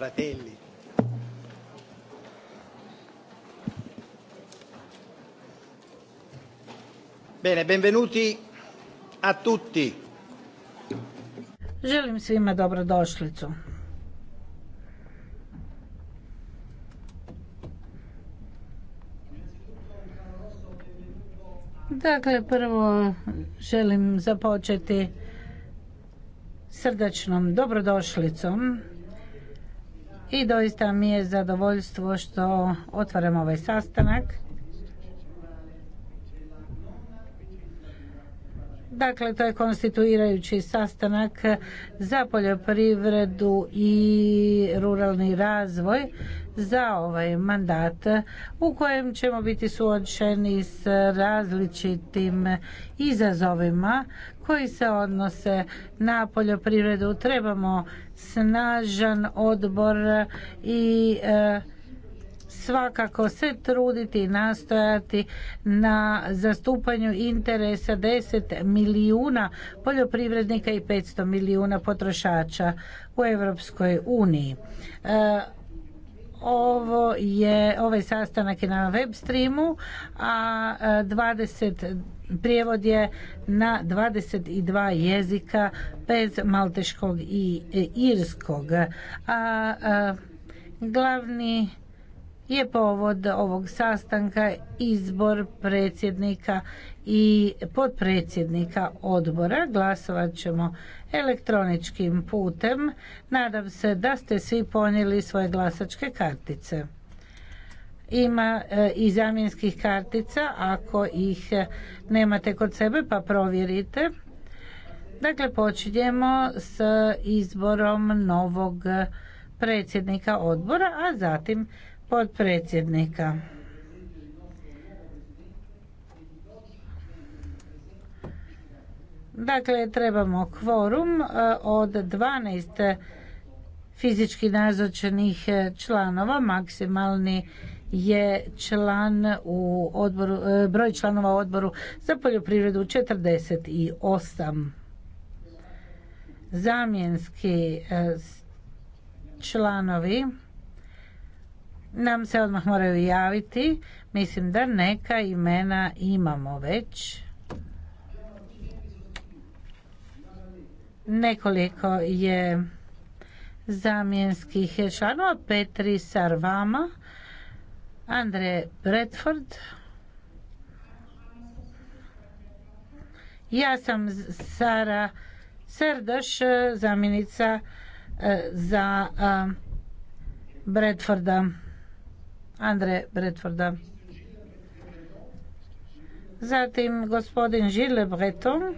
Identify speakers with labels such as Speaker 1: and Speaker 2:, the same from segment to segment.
Speaker 1: fratelli. Bene, benvenuti a tutti.
Speaker 2: Želim svima dobrodošlicu. Dakle, prvo želim započeti srdačnom dobrodošlicom i doista mi je zadovoljstvo što otvaram ovaj sastanak Dakle, to je konstituirajući sastanak za poljoprivredu i ruralni razvoj za ovaj mandat u kojem ćemo biti suočeni s različitim izazovima koji se odnose na poljoprivredu. Trebamo snažan odbor i e, svakako se truditi i nastojati na zastupanju interesa 10 milijuna poljoprivrednika i 500 milijuna potrošača u Europskoj uniji. E, ovo je, ovaj sastanak je na web streamu, a 20 e, prijevod je na 22 jezika bez malteškog i e, irskog. a glavni je povod ovog sastanka izbor predsjednika i potpredsjednika odbora. Glasovat ćemo elektroničkim putem. Nadam se da ste svi ponijeli svoje glasačke kartice. Ima e, i zamjenskih kartica ako ih e, nemate kod sebe pa provjerite. Dakle, počinjemo s izborom novog predsjednika odbora, a zatim potpredsjednika. Dakle, trebamo kvorum e, od 12 fizički nazočenih članova. Maksimalni je član u odboru, e, broj članova u odboru za poljoprivredu 48. Zamjenski e, članovi nam se odmah moraju javiti. Mislim da neka imena imamo već. Nekoliko je zamjenskih članova. Petri Sarvama, Andre Bradford Ja sam Sara Serdoš, zamjenica e, za Bradforda Andre Bretforda. Zatim gospodin Žile Breton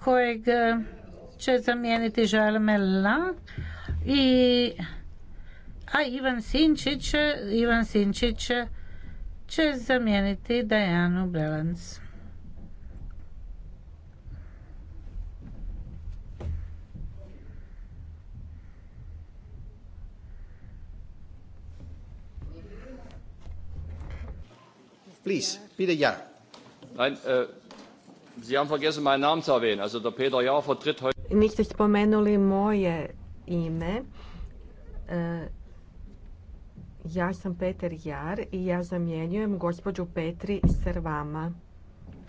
Speaker 2: kojeg e, će zamijeniti Žal i a Ivan Sinčić Ivan Sinčić će zamijeniti Dajanu Belans.
Speaker 3: Please, Peter äh, Niste spomenuli moje ime. Äh, ja sam Peter Jar i ja zamjenjujem gospođu Petri Servama.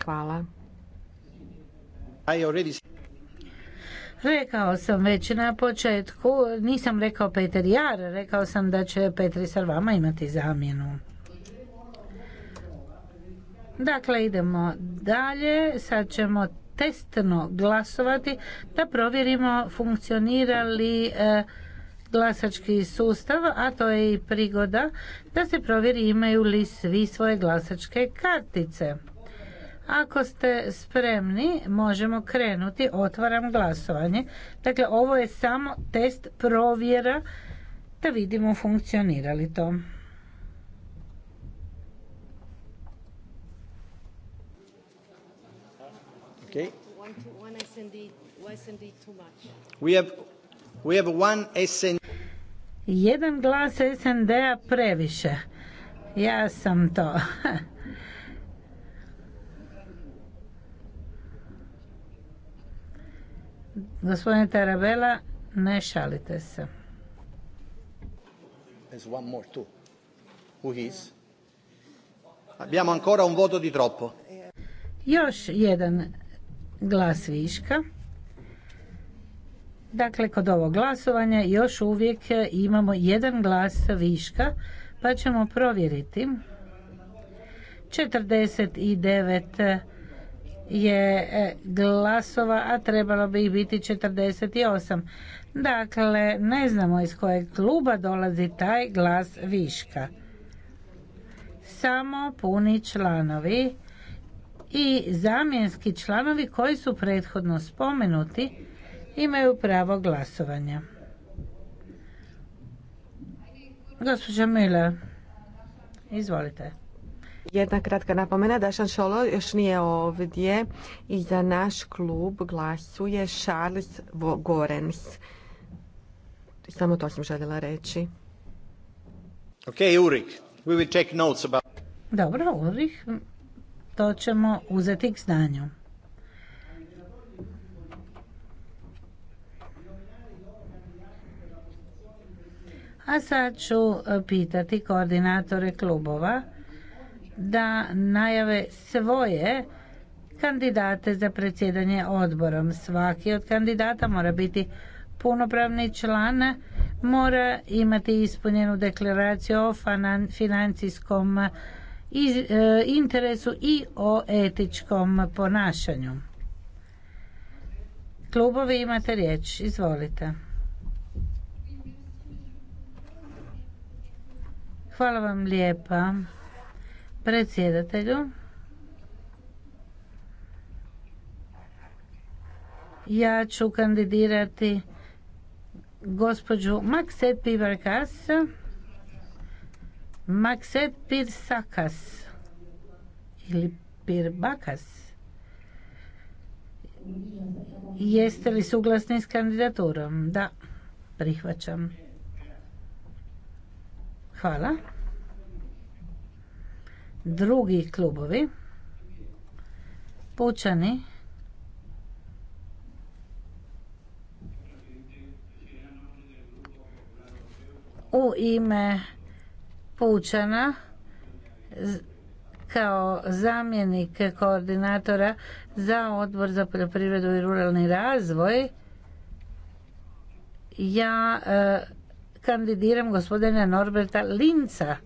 Speaker 3: Hvala.
Speaker 2: Rekao sam već na početku, nisam rekao Peter Jar, rekao sam da će Petri Sarvama imati zamjenu. Dakle, idemo dalje. Sad ćemo testno glasovati da provjerimo funkcionira li e, glasački sustav, a to je i prigoda da se provjeri imaju li svi svoje glasačke kartice. Ako ste spremni, možemo krenuti. Otvaram glasovanje. Dakle, ovo je samo test provjera da vidimo funkcionira li to.
Speaker 1: Okay.
Speaker 3: One, one SND, one SND too much. We have,
Speaker 2: we have one SND. Jedan glas SND-a previše. Ja sam to. Gospodine Tarabela, ne šalite se.
Speaker 3: There's one more too. Who is?
Speaker 1: Abbiamo ancora un voto di troppo.
Speaker 2: Još jedan glas viška. Dakle, kod ovog glasovanja još uvijek imamo jedan glas viška, pa ćemo provjeriti. 49 je e, glasova, a trebalo bi ih biti 48. Dakle, ne znamo iz kojeg kluba dolazi taj glas viška. Samo puni članovi i zamjenski članovi koji su prethodno spomenuti imaju pravo glasovanja. Gospođa Mila, izvolite.
Speaker 3: Jedna kratka napomena, Dašan Šolo još nije ovdje i za naš klub glasuje Charles Gorens.
Speaker 2: Samo to sam željela reći.
Speaker 1: Ok, Urik, we will notes about...
Speaker 2: Dobro, Ulrich, to ćemo uzeti k znanju. A sad ću e, pitati koordinatore klubova da najave svoje kandidate za predsjedanje odborom. Svaki od kandidata mora biti punopravni član, mora imati ispunjenu deklaraciju o financijskom E, interesu i o etičkom ponašanju. Klubovi imate riječ, izvolite. Hvala vam lijepa predsjedatelju. Ja ću kandidirati gospođu Makset Pivarkasa Makset Pirsakas ili Pirbakas. Jeste li suglasni s kandidaturom? Da, prihvaćam. Hvala. Drugi klubovi. Pučani. U ime pučana kao zamjenik koordinatora za odbor za poljoprivredu i ruralni razvoj ja e, kandidiram gospodina Norberta Linca.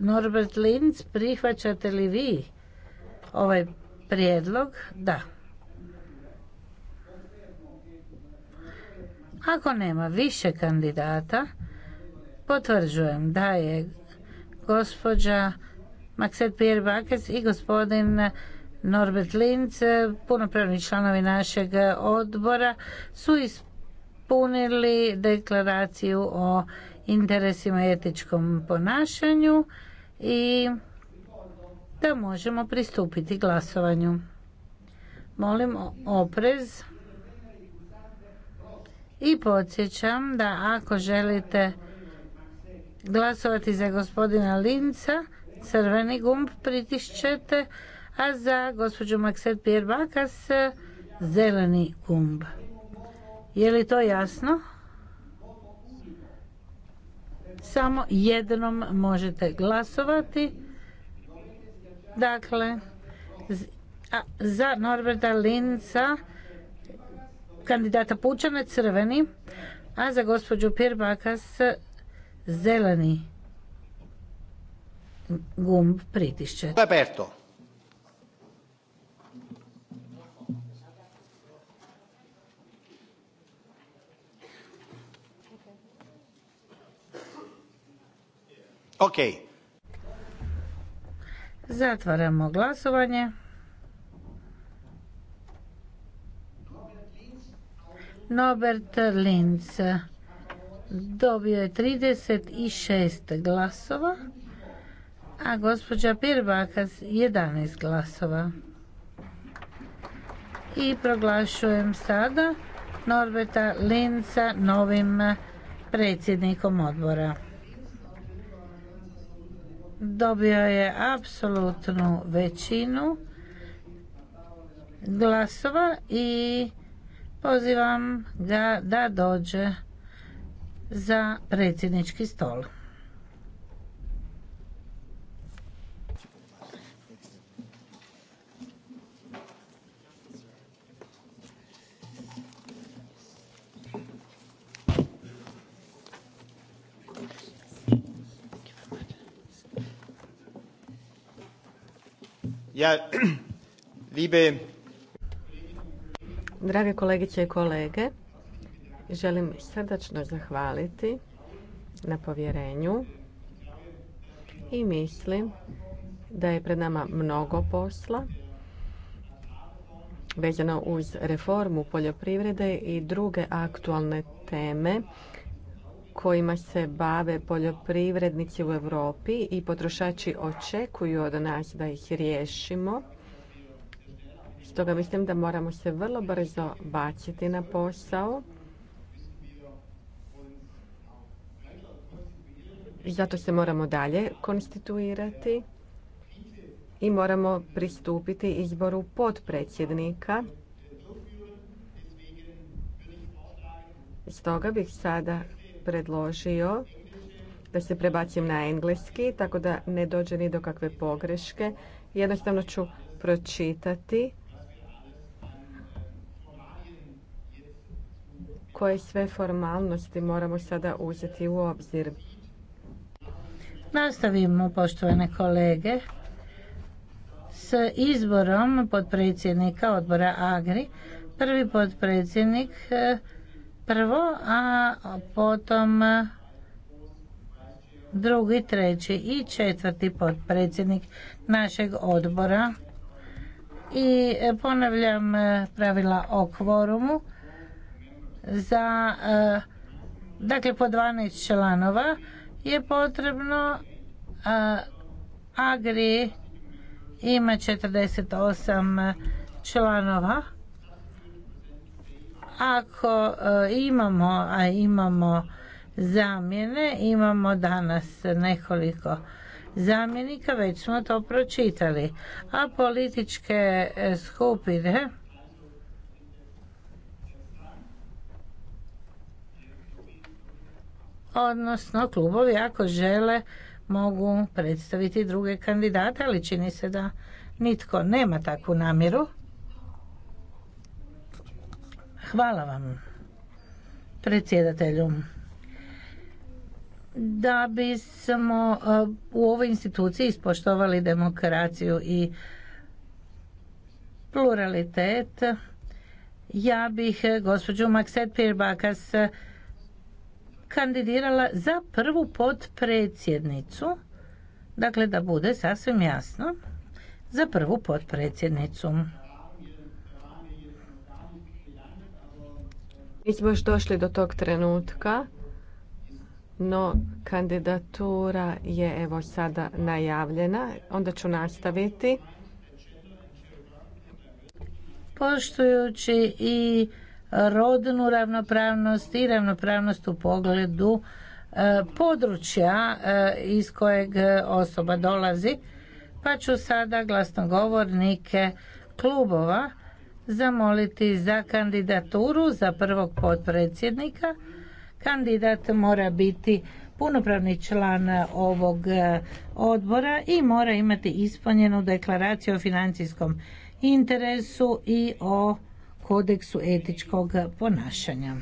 Speaker 2: Norbert Linc, prihvaćate li vi ovaj prijedlog? Da. Ako nema više kandidata, Potvrđujem da je gospođa Makset Pierre i gospodin Norbert Linz, punopravni članovi našeg odbora, su ispunili deklaraciju o interesima i etičkom ponašanju i da možemo pristupiti glasovanju. Molim oprez i podsjećam da ako želite glasovati za gospodina Linca, crveni gumb pritišćete, a za gospođu Makset Pirbakas zeleni gumb. Je li to jasno? Samo jednom možete glasovati. Dakle, za Norberta Linca, kandidata Pučane, crveni, a za gospođu Pirbakas zeleni gumb je Aperto. Ok. Zatvaramo glasovanje. Norbert Linz dobio je 36 glasova, a gospođa Pirbakas 11 glasova. I proglašujem sada Norberta Linca novim predsjednikom odbora. Dobio je apsolutnu većinu glasova i pozivam ga da dođe za predsjednički stol.
Speaker 1: Ja, liebe...
Speaker 3: Drage kolegice i kolege, Želim srdačno zahvaliti na povjerenju i mislim da je pred nama mnogo posla vezano uz reformu poljoprivrede i druge aktualne teme kojima se bave poljoprivrednici u Europi i potrošači očekuju od nas da ih riješimo. Stoga mislim da moramo se vrlo brzo baciti na posao Zato se moramo dalje konstituirati i moramo pristupiti izboru potpredsjednika. Stoga bih sada predložio da se prebacim na engleski, tako da ne dođe ni do kakve pogreške. Jednostavno ću pročitati koje sve formalnosti moramo sada uzeti u obzir.
Speaker 2: Nastavimo, poštovane kolege, s izborom potpredsjednika odbora Agri. Prvi potpredsjednik e, prvo, a potom e, drugi, treći i četvrti potpredsjednik našeg odbora. I e, ponavljam pravila o kvorumu za dakle po 12 članova je potrebno Agri ima 48 članova ako e, imamo a imamo zamjene imamo danas nekoliko zamjenika već smo to pročitali a političke e, skupine odnosno klubovi ako žele mogu predstaviti druge kandidate, ali čini se da nitko nema takvu namjeru. Hvala vam, predsjedatelju. Da bismo e, u ovoj instituciji ispoštovali demokraciju i pluralitet, ja bih e, gospođu Makset Pirbakas kandidirala za prvu potpredsjednicu, dakle da bude sasvim jasno, za prvu potpredsjednicu. Nismo još došli do
Speaker 3: tog trenutka, no kandidatura je evo
Speaker 2: sada najavljena. Onda ću nastaviti. Poštujući i rodnu ravnopravnost i ravnopravnost u pogledu e, područja e, iz kojeg e, osoba dolazi. Pa ću sada glasnogovornike klubova zamoliti za kandidaturu za prvog potpredsjednika. Kandidat mora biti punopravni član ovog odbora i mora imati ispunjenu deklaraciju o financijskom interesu i o kodeksu etičkog ponašanja.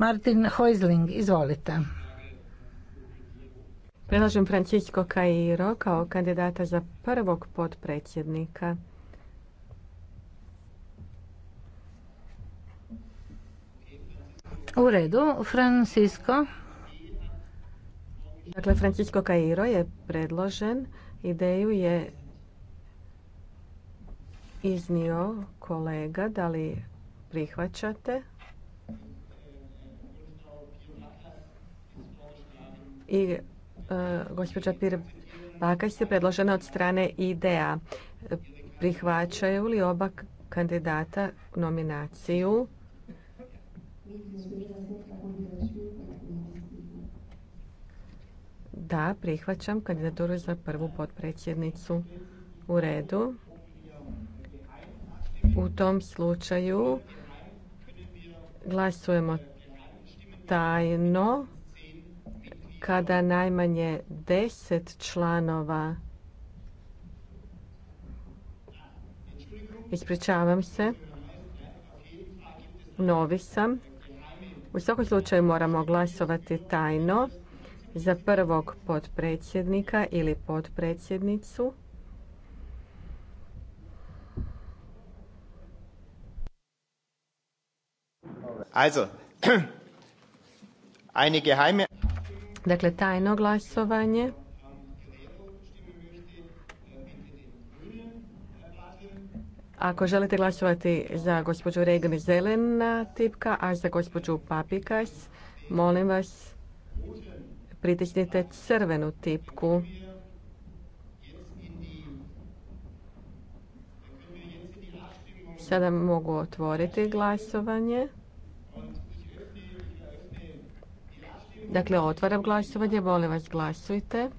Speaker 2: Martin Hojzling, izvolite.
Speaker 3: Predlažem Francisco Cairo kao kandidata za prvog potpredsjednika.
Speaker 2: U redu, Francisco.
Speaker 3: Dakle, Francisco Cairo je predložen. Ideju je iznio kolega, da li prihvaćate? I e, gospođa Pir je predložena od strane IDEA. Prihvaćaju li oba kandidata nominaciju? Da, prihvaćam kandidaturu za prvu potpredsjednicu. U redu. U tom slučaju glasujemo tajno kada najmanje deset članova Ispričavam se. Novi sam. U svakom slučaju moramo glasovati tajno za prvog potpredsjednika ili potpredsjednicu.
Speaker 1: Also, eine geheime...
Speaker 3: Dakle, tajno glasovanje. Ako želite glasovati za gospođu Regan zelena tipka, a za gospođu Papikas, molim vas pritisnite crvenu tipku. Sada mogu otvoriti glasovanje.
Speaker 1: Dakle, otvaram
Speaker 3: glasovanje, molim vas glasujte.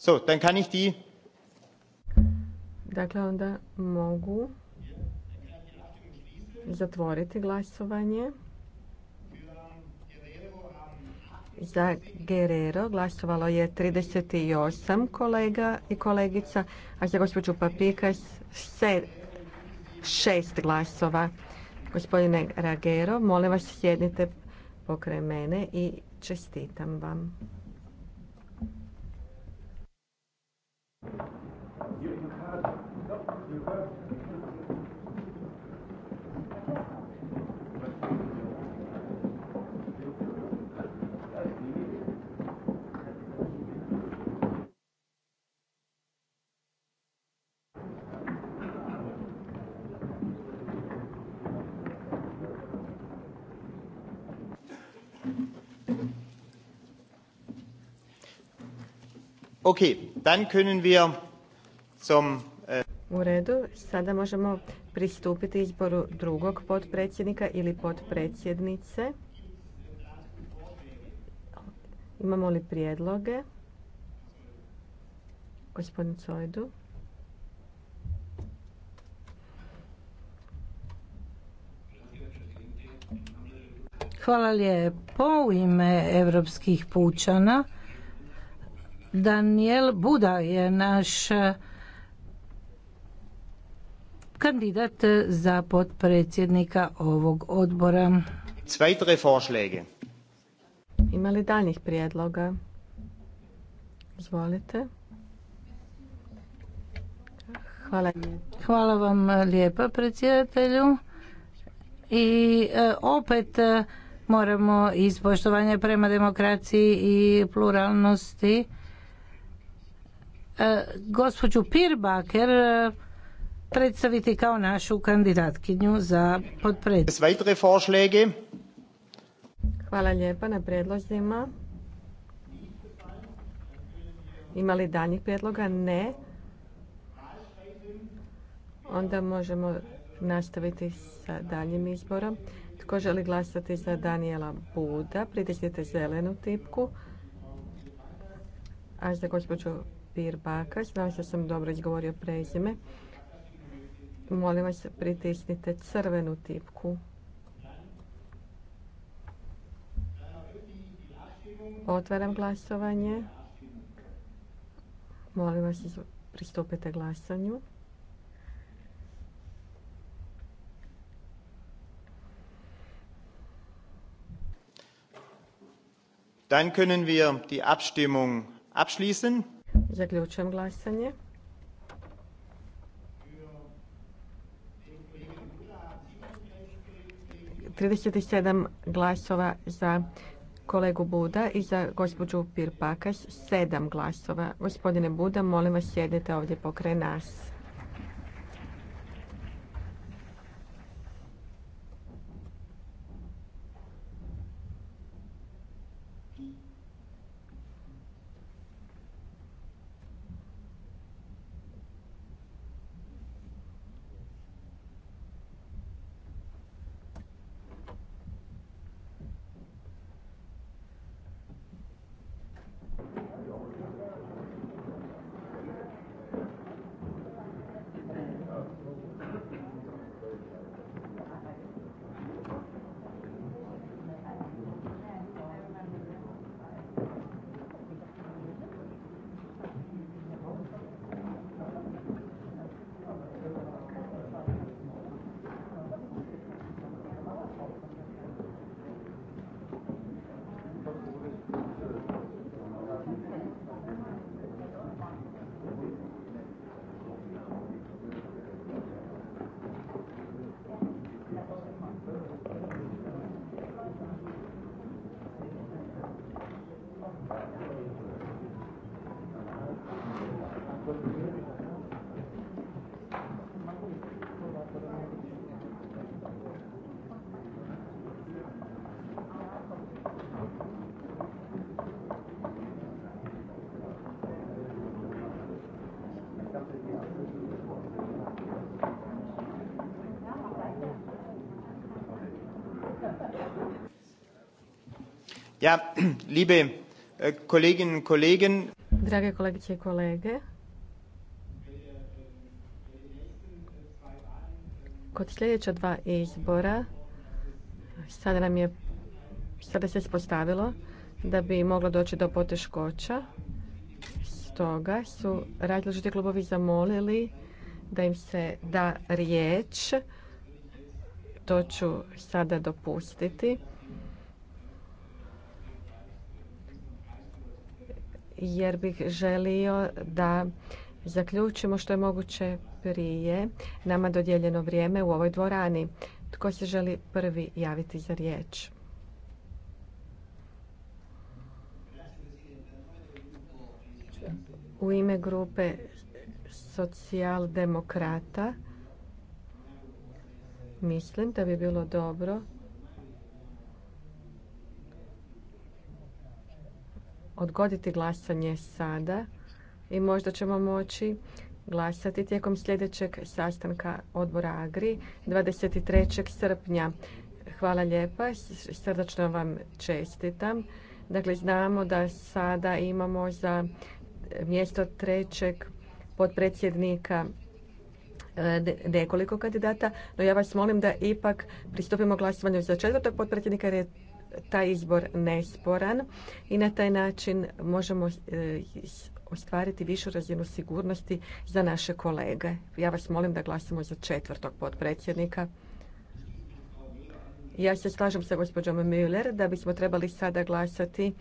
Speaker 1: So, dann kann ich die
Speaker 3: Dakle, onda mogu zatvoriti glasovanje. Za Guerrero glasovalo je 38 kolega i kolegica, a za gospođu Papikas šest glasova. Gospodine Ragero, molim vas sjednite pokraj mene i čestitam vam.
Speaker 1: dann können wir
Speaker 3: äh, u redu, sada možemo pristupiti izboru drugog potpredsjednika ili potpredsjednice. Imamo li prijedloge? Gospodin Cojdu.
Speaker 2: Hvala lijepo u ime evropskih pučana. Daniel Buda je naš eh, kandidat za potpredsjednika ovog odbora. Vorschläge. Ima li daljnjih prijedloga? Izvolite. Hvala. Hvala vam lijepa predsjedatelju. I eh, opet eh, moramo iz poštovanja prema demokraciji i pluralnosti E, gospođu Pirbaker e, predstaviti kao našu kandidatkinju za potpredsjednicu.
Speaker 3: Hvala lijepa na prijedlozima. Ima li danjih prijedloga? Ne. Onda možemo nastaviti sa daljim izborom. Tko želi glasati za Daniela Buda, pritisnite zelenu tipku. A za gospođu Pir Znam što sam dobro izgovorio prezime. Molim vas, pritisnite crvenu tipku. Otvaram glasovanje. Molim vas, pristupite glasanju.
Speaker 1: Dann können wir die Abstimmung abschließen.
Speaker 3: Zaključujem glasanje. Trideset sedam glasova za kolegu Buda i za gospođu Pirpakas sedam glasova. Gospodine Buda, molim vas sjedite ovdje pokraj nas.
Speaker 1: Ja, liebe äh, Kolleginnen und Kollegen.
Speaker 3: Drage kolegice i kolege. Kod sljedeća dva izbora sada nam je sada se ispostavilo da bi moglo doći do poteškoća. Stoga su različiti klubovi zamolili da im se da riječ. To ću sada dopustiti. jer bih želio da zaključimo što je moguće prije nama dodijeljeno vrijeme u ovoj dvorani. Tko se želi prvi javiti za riječ? U ime grupe socijaldemokrata mislim da bi bilo dobro odgoditi glasanje sada i možda ćemo moći glasati tijekom sljedećeg sastanka odbora Agri 23. srpnja. Hvala lijepa, srdačno vam čestitam. Dakle, znamo da sada imamo za mjesto trećeg podpredsjednika e, nekoliko kandidata, no ja vas molim da ipak pristupimo glasovanju za četvrtog potpredsjednika jer je taj izbor nesporan i na taj način možemo eh, ostvariti višu razinu sigurnosti za naše kolege. Ja vas molim da glasimo za četvrtog potpredsjednika. Ja se slažem sa gospođom Müller da bismo trebali sada glasati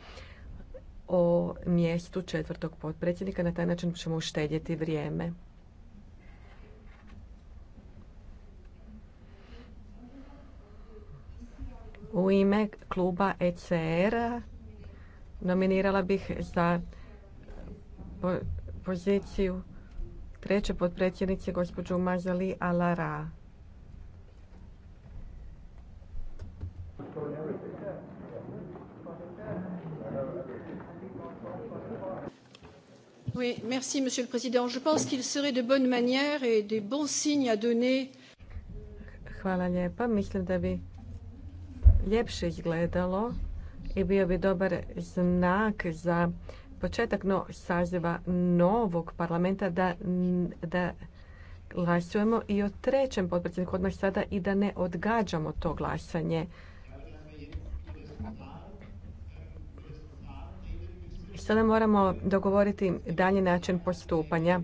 Speaker 3: o mjestu četvrtog potpredsjednika. Na taj način ćemo uštedjeti vrijeme. U ime kluba ECR nominirala bih za poziciju treće potpredsjednice gospođu Mazali Alara.
Speaker 2: Oui, merci Monsieur le Président. Je pense qu'il serait de bonne manière et de bons signes à donner.
Speaker 3: Hvala lijepa. Mislim da bi ljepše izgledalo i bio bi dobar znak za početak saziva novog parlamenta da, da glasujemo i o trećem potpredsjedniku odmah sada i da ne odgađamo to glasanje. Sada moramo dogovoriti dalji način postupanja.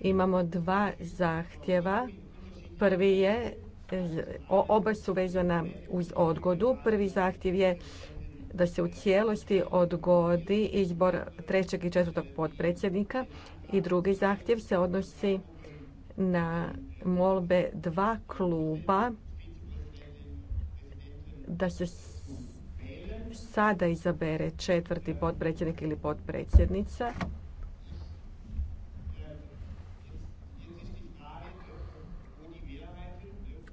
Speaker 3: Imamo dva zahtjeva. Prvi je oba su vezana uz odgodu. Prvi zahtjev je da se u cijelosti odgodi izbor trećeg i četvrtog podpredsjednika i drugi zahtjev se odnosi na molbe dva kluba da se sada izabere četvrti potpredsjednik ili potpredsjednica.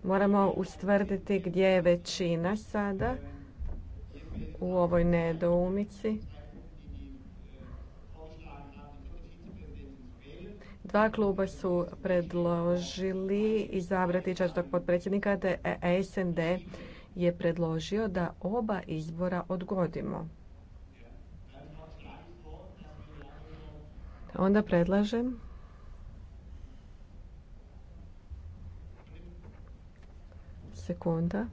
Speaker 3: Moramo ustvrditi gdje je većina sada u ovoj nedoumici. Dva kluba su predložili izabrati četvrtog potpredsjednika, te e SND je predložio da oba izbora odgodimo. Onda predlažem sekunda.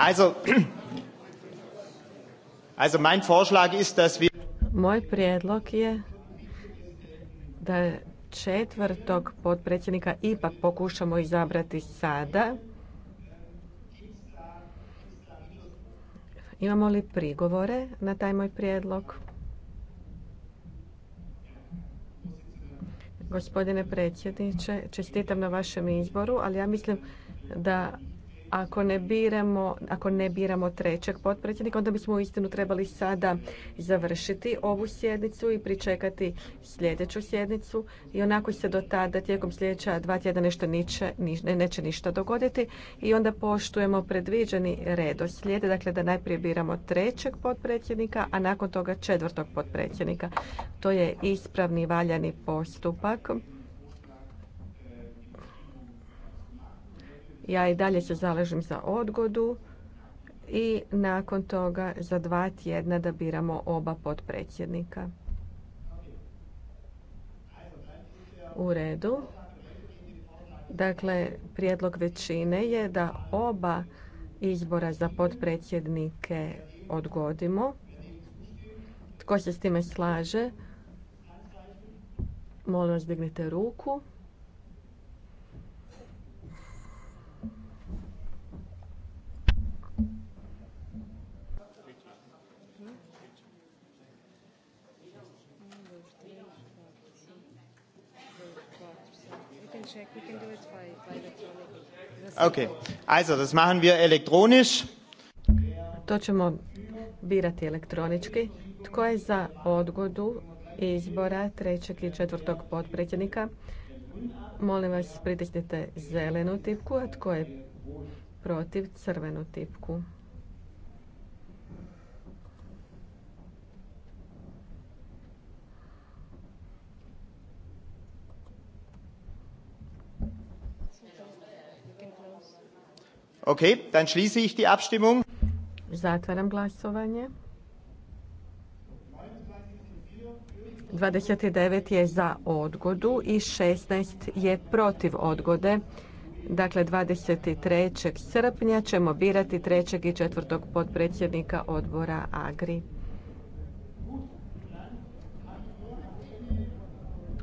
Speaker 3: Also, Moj prijedlog je da četvrtog potpredsjednika ipak pokušamo izabrati sada. Imamo li prigovore na taj moj prijedlog? Gospodine predsjedniče, čestitam na vašem izboru, ali ja mislim da ako ne biramo, ako ne biramo trećeg potpredsjednika, onda bismo uistinu trebali sada završiti ovu sjednicu i pričekati sljedeću sjednicu i onako se do tada tijekom sljedeća dva tjedna nešto niče, ne, neće ništa dogoditi i onda poštujemo predviđeni redoslijed, dakle da najprije biramo trećeg potpredsjednika, a nakon toga četvrtog potpredsjednika. To je ispravni valjani postupak. Ja i dalje se zalažem za odgodu i nakon toga za dva tjedna da biramo oba potpredsjednika. U redu. Dakle, prijedlog većine je da oba izbora za potpredsjednike odgodimo. Tko se s time slaže? Molim vas, dignite ruku.
Speaker 1: Also, das machen wir elektronisch.
Speaker 3: To ćemo birati elektronički. Tko je za odgodu izbora trećeg i četvrtog potpredsjednika? Molim vas, pritisnite zelenu tipku, a tko je protiv crvenu tipku?
Speaker 1: Ok, dann schließe ich die Abstimmung.
Speaker 3: Zatvaram glasovanje. 29 je za odgodu i 16 je protiv odgode. Dakle, 23. srpnja ćemo birati trećeg i četvrtog podpredsjednika odbora AGRI.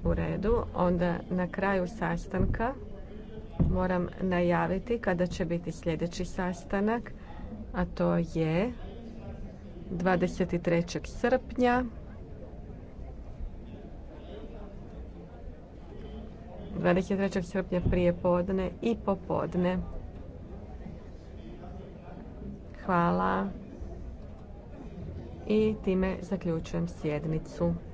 Speaker 2: U redu.
Speaker 3: Onda na kraju sastanka moram najaviti kada će biti sljedeći sastanak, a to je 23. srpnja 23. srpnja prije podne i popodne. Hvala. I time zaključujem sjednicu.